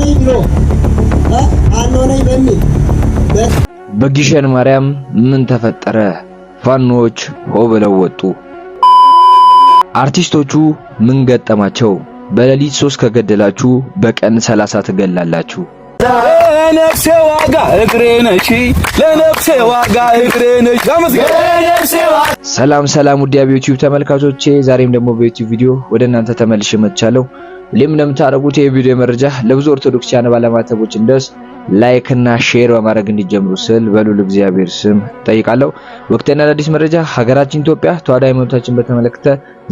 አልሆነኝ ብሎ አልሆነኝ በሚል በግሸን ማርያም ምን ተፈጠረ? ፋኖዎች ሆ ብለው ወጡ። አርቲስቶቹ ምን ገጠማቸው? በሌሊት ሶስት ከገደላችሁ በቀን ሰላሳ ትገላላችሁ። ለነፍሴ ዋጋ እግሬ ነሽ፣ ለነፍሴ ዋጋ እግሬ ነሽ። ሰላም ሰላም፣ ውድ የዩቲዩብ ተመልካቾቼ፣ ዛሬም ደግሞ በዩቲዩብ ቪዲዮ ወደ እናንተ ተመልሼ መጥቻለሁ። ሁሌም ለምታደርጉት የቪዲዮ መረጃ ለብዙ ኦርቶዶክሳውያን ባለማተቦች እንደስ ላይክ እና ሼር በማድረግ እንዲጀምሩ ስል በሉል እግዚአብሔር ስም ጠይቃለሁ። ወቅታዊና አዳዲስ መረጃ ሀገራችን ኢትዮጵያ ተዋሕዶ ሃይማኖታችን በተመለከተ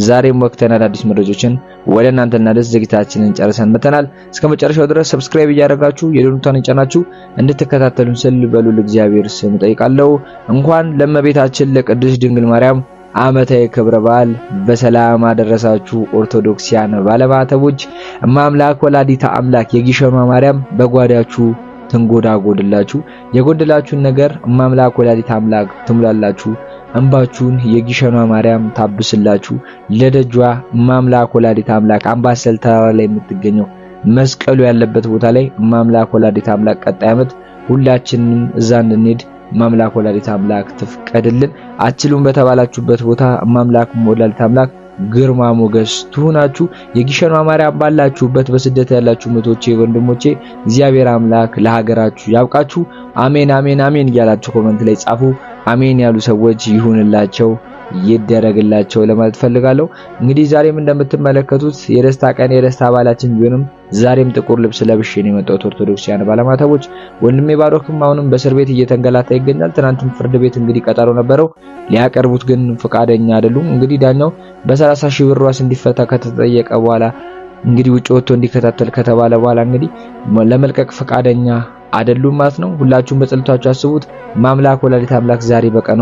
ዛሬም ወቅታዊና አዳዲስ መረጃዎችን ወደ እናንተና ደስ ዝግታችንን ጨርሰን መተናል። እስከ መጨረሻው ድረስ ሰብስክራይብ እያደረጋችሁ የደኑታን ጫናችሁ እንድትከታተሉን ስል በሉል እግዚአብሔር ስም ጠይቃለሁ። እንኳን ለመቤታችን ለቅድስት ድንግል ማርያም ዓመታዊ ክብረ በዓል በሰላም አደረሳችሁ ኦርቶዶክሲያን ባለማተቦች። እማምላክ ወላዲታ አምላክ የግሸኗ ማርያም በጓዳችሁ ትንጎዳጎድላችሁ፣ የጎደላችሁን ነገር እማምላክ ወላዲታ አምላክ ትሙላላችሁ፣ እንባችሁን የግሸኗ ማርያም ታብስላችሁ። ለደጇ እማምላክ ወላዲታ አምላክ አምባሰል ተራራ ላይ የምትገኘው መስቀሉ ያለበት ቦታ ላይ እማምላክ ወላዲታ አምላክ ቀጣይ ዓመት ሁላችንም እዛ እንድንሄድ ማምላክ ወላዲት አምላክ ትፍቀድልን። አትችሉም በተባላችሁበት ቦታ ማምላክ ወላዲት አምላክ ግርማ ሞገስ ትሁናችሁ። የጊሸኗ ማርያም ባላችሁበት በስደት ያላችሁ ምቶቼ ወንድሞቼ እግዚአብሔር አምላክ ለሀገራችሁ ያብቃችሁ። አሜን አሜን አሜን እያላችሁ ኮመንት ላይ ጻፉ። አሜን ያሉ ሰዎች ይሁንላቸው። ይደረግላቸው ለማለት ፈልጋለሁ። እንግዲህ ዛሬም እንደምትመለከቱት የደስታ ቀን የደስታ አባላችን ቢሆንም ዛሬም ጥቁር ልብስ ለብሼ ነው የመጣሁት። ኦርቶዶክሳውያን ባለማተቦች ወንድሜ ባሮክም አሁንም በእስር ቤት እየተንገላታ ይገኛል። ትናንትም ፍርድ ቤት እንግዲህ ቀጠሮ ነበረው፣ ሊያቀርቡት ግን ፈቃደኛ አይደሉም። እንግዲህ ዳኛው በ30 ሺህ ብር ዋስ እንዲፈታ ከተጠየቀ በኋላ እንግዲህ ውጭ ወጥቶ እንዲከታተል ከተባለ በኋላ እንግዲህ ለመልቀቅ ፈቃደኛ አይደሉም ማለት ነው። ሁላችሁም በጸሎታችሁ አስቡት። ማምላክ ወላዲት አምላክ ዛሬ በቀኗ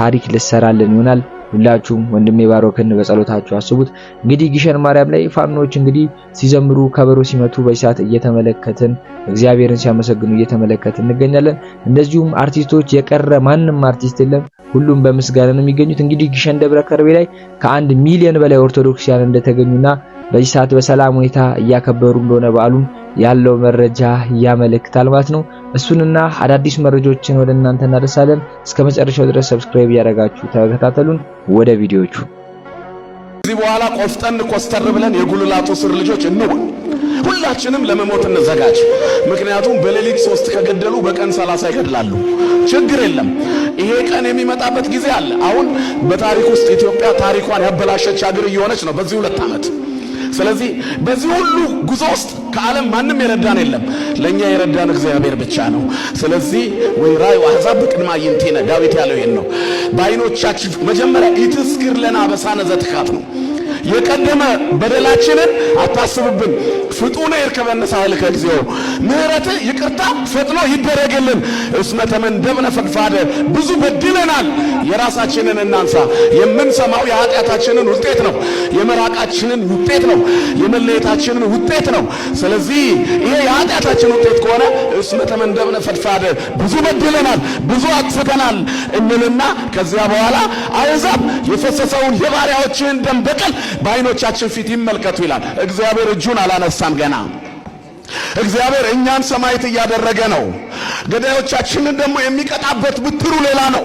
ታሪክ ልሰራልን ይሆናል። ሁላችሁም ወንድሜ ባሮክን በጸሎታችሁ አስቡት። እንግዲህ ጊሸን ማርያም ላይ ፋኖች እንግዲህ ሲዘምሩ ከበሮ ሲመቱ በሳት እየተመለከትን እግዚአብሔርን ሲያመሰግኑ እየተመለከትን እንገኛለን። እንደዚሁም አርቲስቶች የቀረ ማንም አርቲስት የለም፣ ሁሉም በምስጋና ነው የሚገኙት። እንግዲህ ጊሸን ደብረ ከርቤ ላይ ከአንድ ሚሊዮን በላይ ኦርቶዶክሲያን እንደተገኙና በዚህ ሰዓት በሰላም ሁኔታ እያከበሩ እንደሆነ በዓሉን ያለው መረጃ ያመለክታል ማለት ነው። እሱንና አዳዲስ መረጃዎችን ወደ እናንተ እናደርሳለን። እስከ መጨረሻው ድረስ ሰብስክራይብ እያደረጋችሁ ተከታተሉን። ወደ ቪዲዮቹ ከዚህ በኋላ ቆፍጠን ኮስተር ብለን የጉልላቱ ስር ልጆች እንሁን። ሁላችንም ለመሞት እንዘጋጅ። ምክንያቱም በሌሊት ሶስት ከገደሉ በቀን ሰላሳ ይገድላሉ። ችግር የለም። ይሄ ቀን የሚመጣበት ጊዜ አለ። አሁን በታሪክ ውስጥ ኢትዮጵያ ታሪኳን ያበላሸች ሀገር እየሆነች ነው በዚህ ሁለት ዓመት ስለዚህ በዚህ ሁሉ ጉዞ ውስጥ ከዓለም ማንም የረዳን የለም፣ ለእኛ የረዳን እግዚአብሔር ብቻ ነው። ስለዚህ ወይ ወይራዩ አሕዛብ በቅድመ አዕይንቲነ ዳዊት ያለው ይህን ነው። በዓይኖቻችን መጀመሪያ ኢትዝክር ለነ አበሳነ ዘትካት ነው የቀደመ በደላችንን አታስብብን። ፍጡነ ይርከበነ ሳህልከ እግዚኦ ምህረት ይቅርታ ፈጥኖ ይደረግልን። እስመ ደምነ ፈቅፋደ ብዙ በድለናል። የራሳችንን እናንሳ። የምንሰማው የኃጢአታችንን ውጤት ነው። የመራቃችንን ውጤት ነው። የመለየታችንን ውጤት ነው። ስለዚህ ይሄ የኃጢአታችን ውጤት ከሆነ እስመ ደምነ ፈቅፋደ ብዙ በድለናል፣ ብዙ አጥፍተናል እንልና ከዚያ በኋላ አሕዛብ የፈሰሰውን የባሪያዎችን ደም በቀል በአይኖቻችን ፊት ይመልከቱ ይላል። እግዚአብሔር እጁን አላነሳም ገና እግዚአብሔር እኛን ሰማዕት እያደረገ ነው። ገዳዮቻችንን ደግሞ የሚቀጣበት ብትሩ ሌላ ነው።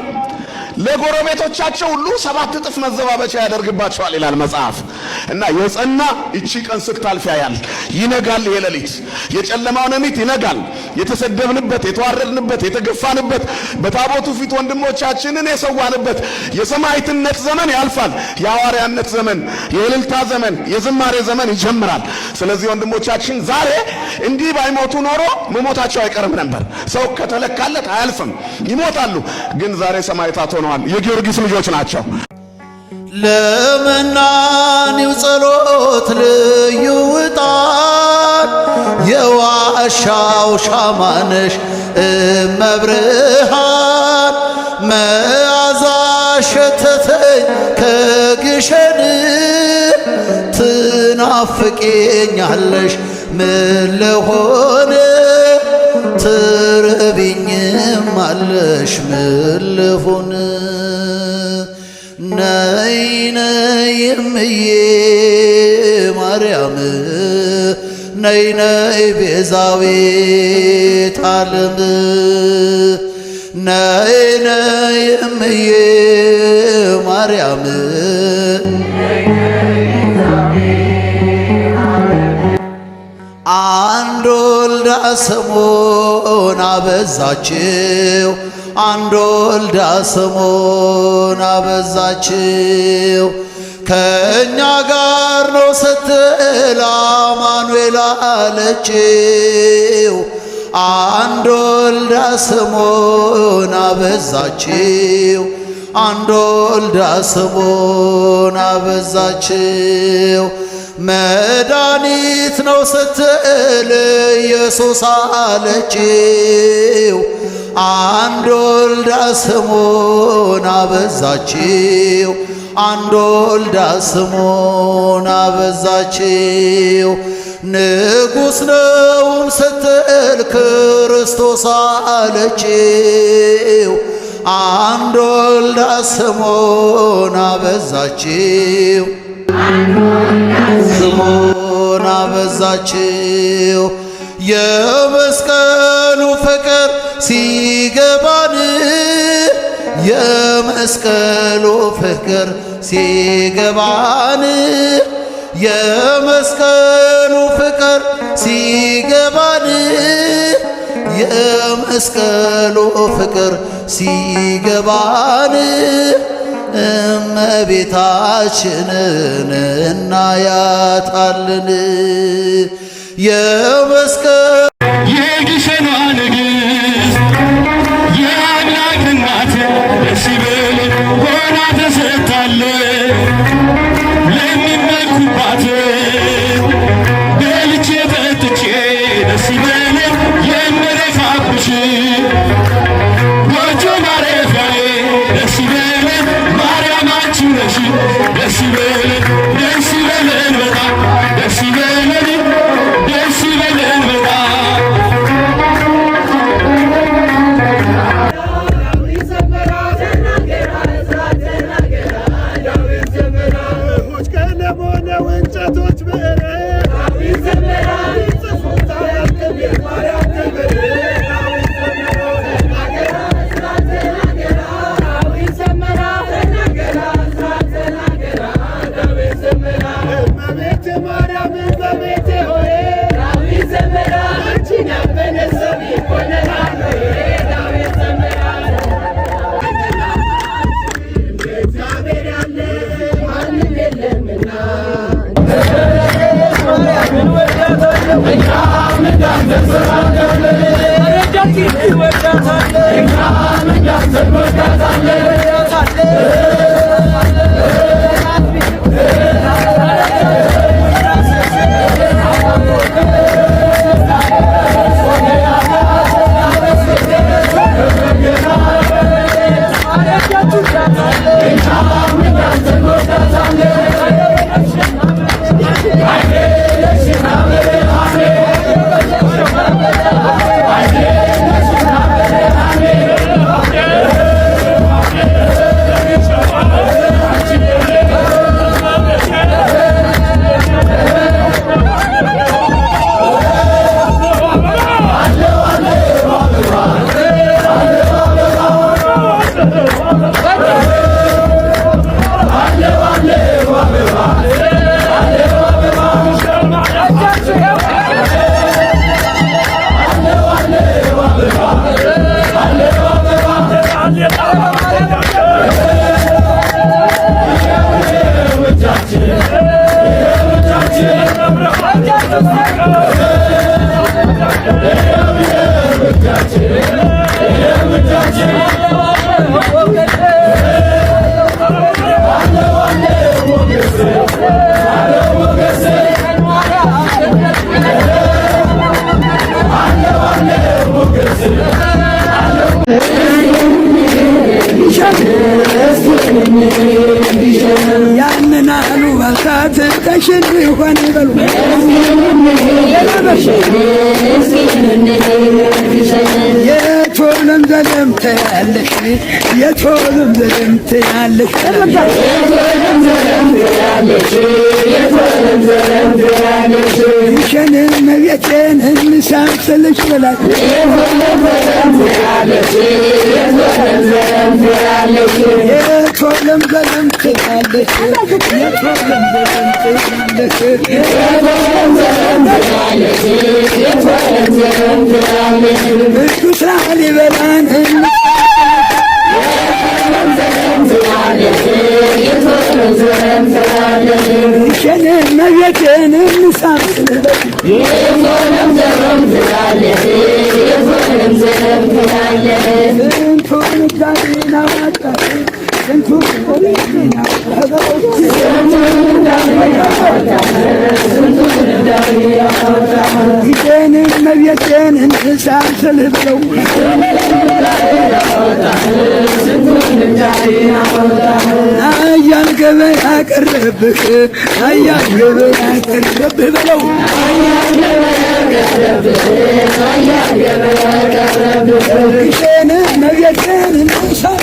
ለጎረቤቶቻቸው ሁሉ ሰባት እጥፍ መዘባበቻ ያደርግባቸዋል ይላል መጽሐፍ። እና የጸና እቺ ቀን ስታልፍ ያያል። ይነጋል፣ ይሄ ሌሊት የጨለማው ይነጋል። የተሰደብንበት፣ የተዋረድንበት፣ የተገፋንበት፣ በታቦቱ ፊት ወንድሞቻችንን የሰዋንበት የሰማዕትነት ዘመን ያልፋል። የሐዋርያነት ዘመን፣ የእልልታ ዘመን፣ የዝማሬ ዘመን ይጀምራል። ስለዚህ ወንድሞቻችን ዛሬ እንዲህ ባይሞቱ ኖሮ መሞታቸው አይቀርም ነበር። ሰው ከተለካለት አያልፍም፣ ይሞታሉ። ግን ዛሬ ሰማዕታት ሆነዋል። ሆነዋል። የጊዮርጊስ ልጆች ናቸው። ለመናኒው ጸሎት ልዩ ውጣን የዋሻው ሻማነሽ እመብርሃን መዓዛ ሸተተኝ ከግሸን ትናፍቄኛለሽ ምን ለሆነ ትርብኝ ታውቂዋለሽ ምልሁን ነይ ነይ እምዬ ማርያም ነይ ነይ ቤዛዊት ዓለም ነይ ነይ እምዬ ማርያም አንድ ወልዳ ስሙን አበዛችው፣ አንድ ወልዳ ስሙን አበዛችው። ከእኛ ጋር ነው ስትል አማኑኤል አለችው። አንድ ወልዳ ስሙን አበዛችው፣ አንድ ወልዳ ስሙን አበዛችው። መድኃኒት ነው ስትል ኢየሱስ አለችው። አንድ ወልዳ ስሙን አበዛችው። አንድ ወልዳ ስሙን አበዛችው። ንጉሥ ነውም ስትል ክርስቶስ አለችው። አንድ ወልዳ ስሙን አበዛችው። ስሙን አበዛችው የመስቀሉ ፍቅር ሲገባን የመስቀሉ ፍቅር ሲገባን የመስቀሉ ፍቅር ሲገባን የመስቀሉ ፍቅር ሲገባን እመቤታችንን እናያታለን። የመስቀል የግሸኗ ንግሥት የአምላክ እናት ደስ ሆና ተሰጥታለ that she ምስጉን እንኳን ይበሉ የቶልም ዘደምተ ያለሽ የቶልም ዘደምተ ያለሽ ይሸንን መቤቴን እንሳምስልሽ በላት የቶልም ዘደምተ Şenim mevyetenim nisansını Yıfanım zarım ziralesi Yıfanım zarım ziralesi Yıfanım zarım ziralesi ጊዜን መቤቴን እንስሳን ስልህ ብለው አያል ገበያ አቀረብህ አያል ገበያ አቀረብህ ብለው ጊዜን መቤቴን እንስሳን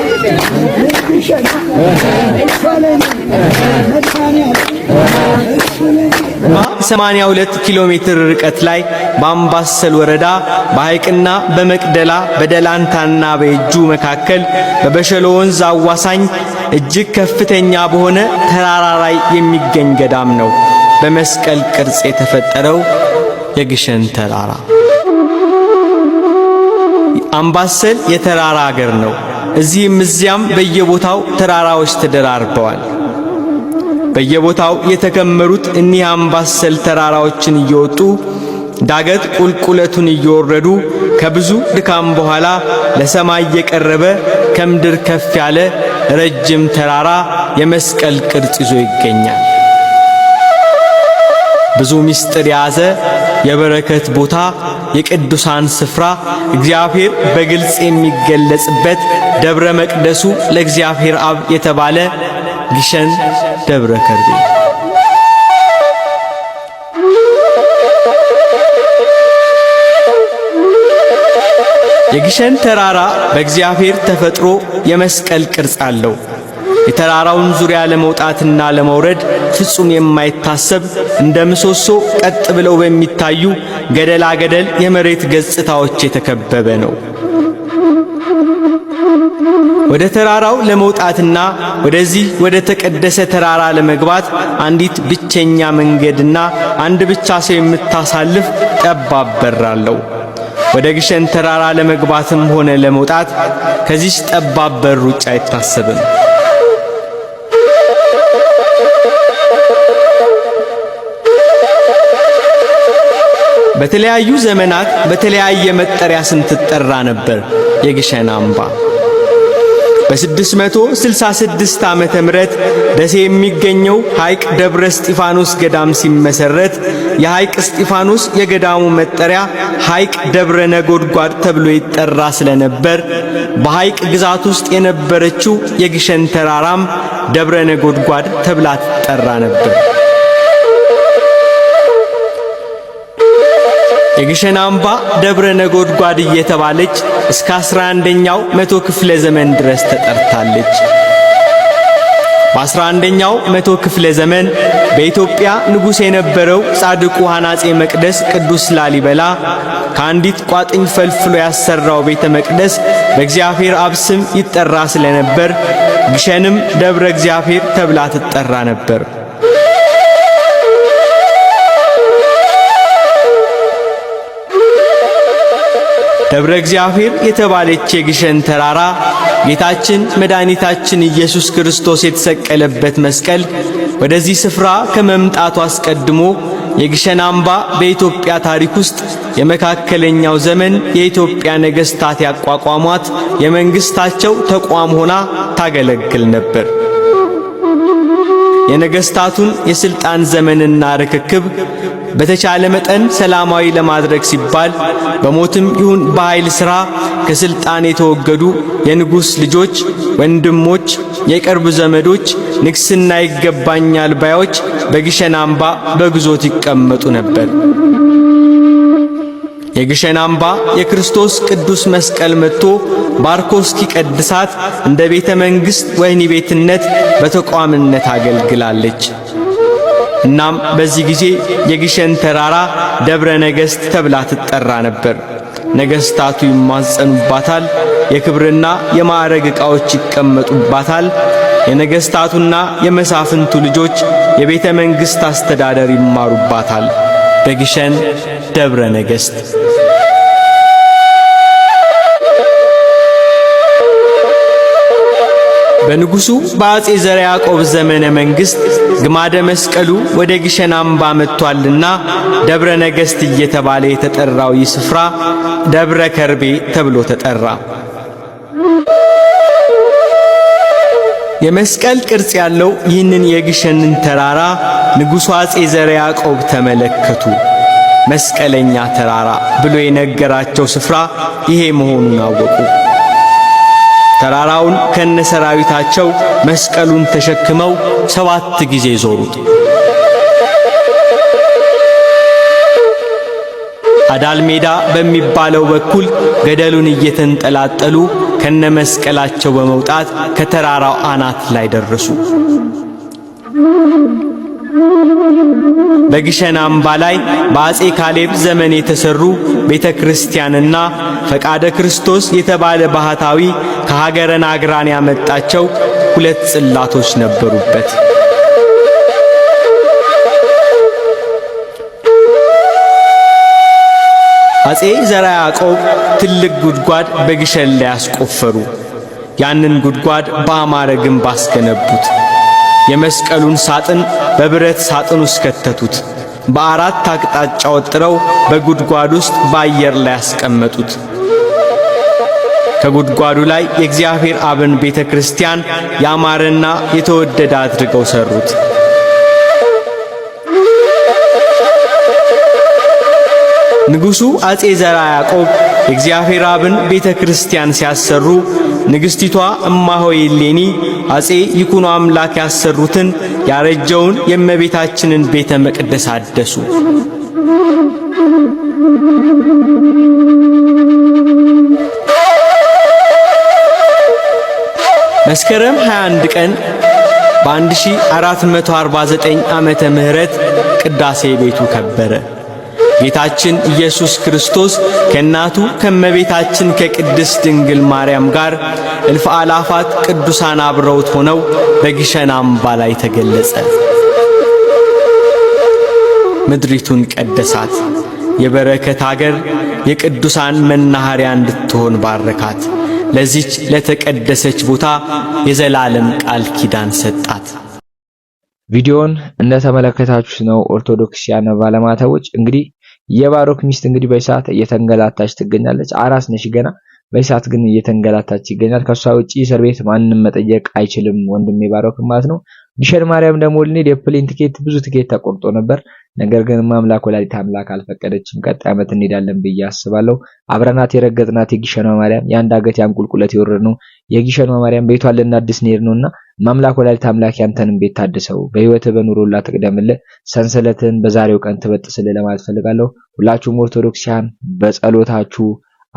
82 ኪሎ ሜትር ርቀት ላይ በአምባሰል ወረዳ በሐይቅና በመቅደላ በደላንታና በእጁ መካከል በበሸሎ ወንዝ አዋሳኝ እጅግ ከፍተኛ በሆነ ተራራ ላይ የሚገኝ ገዳም ነው በመስቀል ቅርጽ የተፈጠረው የግሸን ተራራ። አምባሰል የተራራ አገር ነው። እዚህም እዚያም በየቦታው ተራራዎች ተደራርበዋል። በየቦታው የተከመሩት እኒህ አምባሰል ተራራዎችን እየወጡ ዳገት ቁልቁለቱን እየወረዱ ከብዙ ድካም በኋላ ለሰማይ የቀረበ ከምድር ከፍ ያለ ረጅም ተራራ የመስቀል ቅርጽ ይዞ ይገኛል። ብዙ ምስጢር የያዘ የበረከት ቦታ የቅዱሳን ስፍራ እግዚአብሔር በግልጽ የሚገለጽበት ደብረ መቅደሱ ለእግዚአብሔር አብ የተባለ ግሸን ደብረ ከርቤ የግሸን ተራራ በእግዚአብሔር ተፈጥሮ የመስቀል ቅርጽ አለው። የተራራውን ዙሪያ ለመውጣትና ለመውረድ ፍጹም የማይታሰብ እንደ ምሰሶ ቀጥ ብለው በሚታዩ ገደላ ገደል የመሬት ገጽታዎች የተከበበ ነው። ወደ ተራራው ለመውጣትና ወደዚህ ወደ ተቀደሰ ተራራ ለመግባት አንዲት ብቸኛ መንገድና አንድ ብቻ ሰው የምታሳልፍ ጠባብ በር አለው። ወደ ግሸን ተራራ ለመግባትም ሆነ ለመውጣት ከዚች ጠባብ በር ውጭ አይታሰብም። በተለያዩ ዘመናት በተለያየ መጠሪያ ስንትጠራ ትጠራ ነበር የግሸን አምባ። በ666 ዓመተ ምህረት ደሴ የሚገኘው ሐይቅ ደብረ እስጢፋኖስ ገዳም ሲመሰረት የሐይቅ እስጢፋኖስ የገዳሙ መጠሪያ ሐይቅ ደብረ ነጎድጓድ ተብሎ ይጠራ ስለነበር በሐይቅ ግዛት ውስጥ የነበረችው የግሸን ተራራም ደብረ ነጎድጓድ ተብላ ትጠራ ነበር። የግሸን አምባ ደብረ ነጎድጓድ እየተባለች እስከ አስራ አንደኛው መቶ ክፍለ ዘመን ድረስ ተጠርታለች። በአስራ አንደኛው መቶ ክፍለ ዘመን በኢትዮጵያ ንጉሥ የነበረው ጻድቁ ሐናጼ መቅደስ ቅዱስ ላሊበላ ከአንዲት ቋጥኝ ፈልፍሎ ያሰራው ቤተ መቅደስ በእግዚአብሔር አብ ስም ይጠራ ስለነበር ግሸንም ደብረ እግዚአብሔር ተብላ ትጠራ ነበር። ደብረ እግዚአብሔር የተባለች የግሸን ተራራ ጌታችን መድኃኒታችን ኢየሱስ ክርስቶስ የተሰቀለበት መስቀል ወደዚህ ስፍራ ከመምጣቱ አስቀድሞ የግሸን አምባ በኢትዮጵያ ታሪክ ውስጥ የመካከለኛው ዘመን የኢትዮጵያ ነገሥታት ያቋቋሟት የመንግሥታቸው ተቋም ሆና ታገለግል ነበር። የነገሥታቱን የሥልጣን ዘመንና ርክክብ በተቻለ መጠን ሰላማዊ ለማድረግ ሲባል በሞትም ይሁን በኃይል ሥራ ከሥልጣን የተወገዱ የንጉሥ ልጆች፣ ወንድሞች፣ የቅርብ ዘመዶች፣ ንግሥና ይገባኛል ባዮች በግሸን አምባ በግዞት ይቀመጡ ነበር። የግሸን አምባ የክርስቶስ ቅዱስ መስቀል መጥቶ ባርኮ እስኪቀድሳት እንደ ቤተ መንግሥት ወህኒ ቤትነት በተቋምነት አገልግላለች። እናም በዚህ ጊዜ የግሸን ተራራ ደብረ ነገሥት ተብላ ትጠራ ነበር። ነገሥታቱ ይማጸኑባታል። የክብርና የማዕረግ ዕቃዎች ይቀመጡባታል። የነገሥታቱና የመሳፍንቱ ልጆች የቤተ መንግሥት አስተዳደር ይማሩባታል። በግሸን ደብረ ነገሥት በንጉሡ በአጼ ዘርዓ ያዕቆብ ዘመነ መንግሥት ግማደ መስቀሉ ወደ ግሸን አምባ መጥቷልና ደብረ ነገሥት እየተባለ የተጠራው ይህ ስፍራ ደብረ ከርቤ ተብሎ ተጠራ። የመስቀል ቅርጽ ያለው ይህንን የግሸንን ተራራ ንጉሡ አጼ ዘርዓ ያዕቆብ ተመለከቱ። መስቀለኛ ተራራ ብሎ የነገራቸው ስፍራ ይሄ መሆኑን አወቁ። ተራራውን ከነሰራዊታቸው መስቀሉን ተሸክመው ሰባት ጊዜ ዞሩት። አዳል ሜዳ በሚባለው በኩል ገደሉን እየተንጠላጠሉ ከነመስቀላቸው በመውጣት ከተራራው አናት ላይ ደረሱ። በግሸን አምባ ላይ በአጼ ካሌብ ዘመን የተሰሩ ቤተ ክርስቲያንና ፈቃደ ክርስቶስ የተባለ ባህታዊ ከሀገረ ናግራን ያመጣቸው ሁለት ጽላቶች ነበሩበት። አጼ ዘራ ያዕቆብ ትልቅ ጉድጓድ በግሸን ላይ ያስቆፈሩ። ያንን ጉድጓድ በአማረ ግንብ አስገነቡት። የመስቀሉን ሳጥን በብረት ሳጥን ውስጥ ከተቱት። በአራት አቅጣጫ ወጥረው በጉድጓድ ውስጥ በአየር ላይ አስቀመጡት። ከጉድጓዱ ላይ የእግዚአብሔር አብን ቤተ ክርስቲያን ያማረና የተወደደ አድርገው ሰሩት። ንጉሡ አጼ ዘራ ያዕቆብ የእግዚአብሔር አብን ቤተ ክርስቲያን ሲያሰሩ ንግሥቲቷ እማሆይ ሌኒ አጼ ይኩኖ አምላክ ያሰሩትን ያረጀውን የእመቤታችንን ቤተ መቅደስ አደሱ። መስከረም 21 ቀን በ1449 ዓመተ ምህረት ቅዳሴ ቤቱ ከበረ። ጌታችን ኢየሱስ ክርስቶስ ከእናቱ ከመቤታችን ከቅድስት ድንግል ማርያም ጋር እልፍ አላፋት ቅዱሳን አብረውት ሆነው በግሸን አምባ ላይ ተገለጸ። ምድሪቱን ቀደሳት። የበረከት አገር የቅዱሳን መናኸሪያ እንድትሆን ባረካት። ለዚች ለተቀደሰች ቦታ የዘላለም ቃል ኪዳን ሰጣት። ቪዲዮን እንደተመለከታችሁት ነው ኦርቶዶክሲያን ባለማተቦች እንግዲህ የባሮክ ሚስት እንግዲህ በሰዓት እየተንገላታች ትገኛለች። አራስ ነች ገና በሰዓት ግን እየተንገላታች ይገኛል። ከሷ ውጪ እስር ቤት ማንም መጠየቅ አይችልም ወንድሜ ባሮክ ማለት ነው። ዲሸን ማርያም ደግሞ ልንሄድ የፕሌን ትኬት ብዙ ትኬት ተቆርጦ ነበር። ነገር ግን ማምላክ ወላዲት አምላክ አልፈቀደችም። ቀጣይ ዓመት እንሄዳለን ብዬ አስባለሁ። አብረናት የረገጥናት የጊሸኗ ማርያም የአንድ አገት የአንቁልቁለት የወረድ ነው የጊሸኗ ማርያም ቤቷን ልናድስ እንሄድ ማምላክ ወላዲተ አምላክ ያንተንም ቤት ታድሰው በህይወት በኑሮላ ትቅደምልህ ሰንሰለትን በዛሬው ቀን ትበጥስልህ ለማለት ፈልጋለሁ። ሁላችሁም ኦርቶዶክሲያን በጸሎታችሁ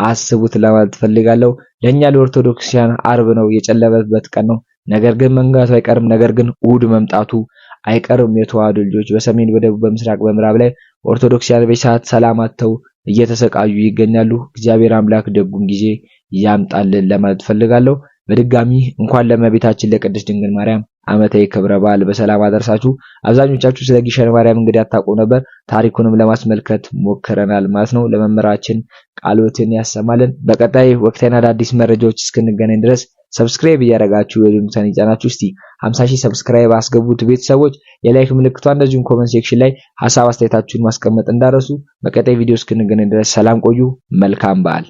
አስቡት ለማለት ፈልጋለሁ። ለኛ ለኦርቶዶክሲያን አርብ ነው የጨለመበት ቀን ነው። ነገር ግን መንጋቱ አይቀርም። ነገር ግን እሑድ መምጣቱ አይቀርም። የተዋህዶ ልጆች በሰሜን በደቡብ በምስራቅ በምዕራብ ላይ ኦርቶዶክሲያን በሰዓት ሰላም አጥተው እየተሰቃዩ ይገኛሉ። እግዚአብሔር አምላክ ደጉን ጊዜ ያምጣልን ለማለት ፈልጋለሁ። በድጋሚ እንኳን ለመቤታችን ለቅድስት ድንግል ማርያም ዓመታዊ ክብረ በዓል በሰላም አደረሳችሁ። አብዛኞቻችሁ ስለ ግሸን ማርያም እንግዲህ አታውቁም ነበር፣ ታሪኩንም ለማስመልከት ሞክረናል ማለት ነው። ለመምህራችን ቃሎትን ያሰማልን። በቀጣይ ወቅታዊና አዳዲስ መረጃዎች እስክንገናኝ ድረስ ሰብስክራይብ እያደረጋችሁ የድምፅን ይጫናችሁ። እስቲ 50 ሺህ ሰብስክራይብ አስገቡት ቤተሰቦች። የላይክ ምልክቷ እንደዚሁም ኮመንት ሴክሽን ላይ ሀሳብ አስተያየታችሁን ማስቀመጥ እንዳረሱ። በቀጣይ ቪዲዮ እስክንገናኝ ድረስ ሰላም ቆዩ። መልካም በዓል